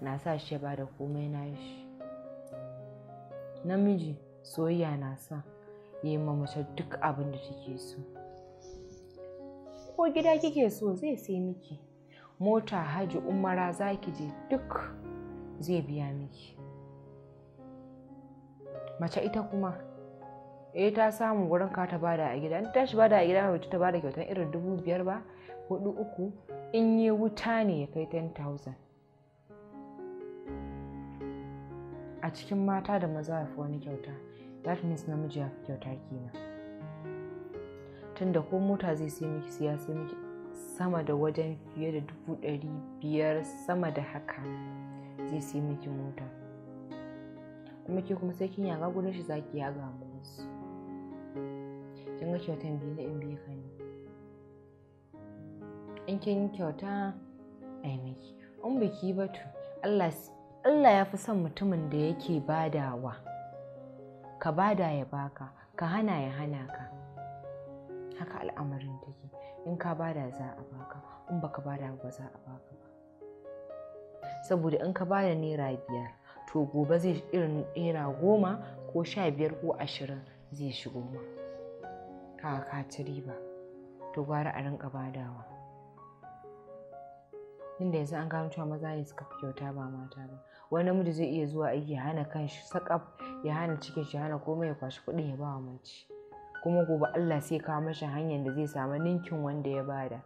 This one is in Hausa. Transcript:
na sa shi ba da komai na shi namiji soyayya na sa ya ma mace duk abin da take so ko gida kike so zai sai miki mota hajji umara za ki je duk zai biya miki mace ita kuma eh ta samu wurin ka ta bada a gida in tashi bada a gida mace ta bada kyautar irin dubu biyar ba hudu uku in yi wuta ne ya kai 10,000 a cikin mata da maza ya fi wani kyauta that means namiji ya fi kyauta kenan tunda ko mota zai sai miki siya sai miki sama da wajen fiye da dubu ɗari biyar sama da haka zai sai miki mota kuma ke kuma sai kin yaga gudun shi zaki yaga musu kin ga kyautan biyu na in biyu ka ne in kin kyauta ai miki in biki ba to Allah Allah ya fi son mutumin da yake badawa ka bada ya baka ka hana ya hana ka haka al'amarin take in ka bada za a baka in baka bada ba za a baka ba saboda in ka bada naira biyar to gobe zai irin naira goma ko sha biyar ko ashirin zai shigo ma ka ka ci riba to gwara a rinka badawa tunda yanzu an gano cewa maza ne suka fi kyauta ba mata ba wani namiji zai iya zuwa aiki ya hana kanshi sakaf ya hana cikin shi hana komai ya kwashi kuɗin ya ba wa mace kuma gobe Allah sai ya kawo mashi hanyar da zai samu ninkin wanda ya bada